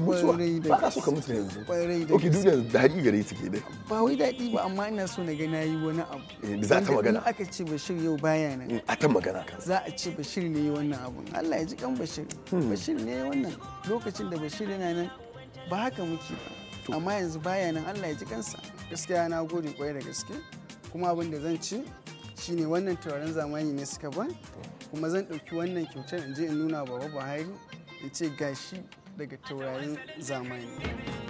mutuwa ba ka ok da haƙi gare ta ke dai ba wai daɗi ba amma ina so na ga na wani abu eh, za ta magana aka ce bashir yau baya nan mm, a ta magana za a ce bashir ne wannan abun Allah ya ji kan bashir hmm. bashir ne wannan lokacin da bashir yana nan ba haka muke ba amma yanzu baya nan Allah ya ji kansa gaskiya na gode kwai da gaske kuma abin da zan ci shine wannan tauraron zamani ne suka ban kuma zan ɗauki wannan kyautar in je in nuna baba Buhari in ce gashi daga taurarin zamani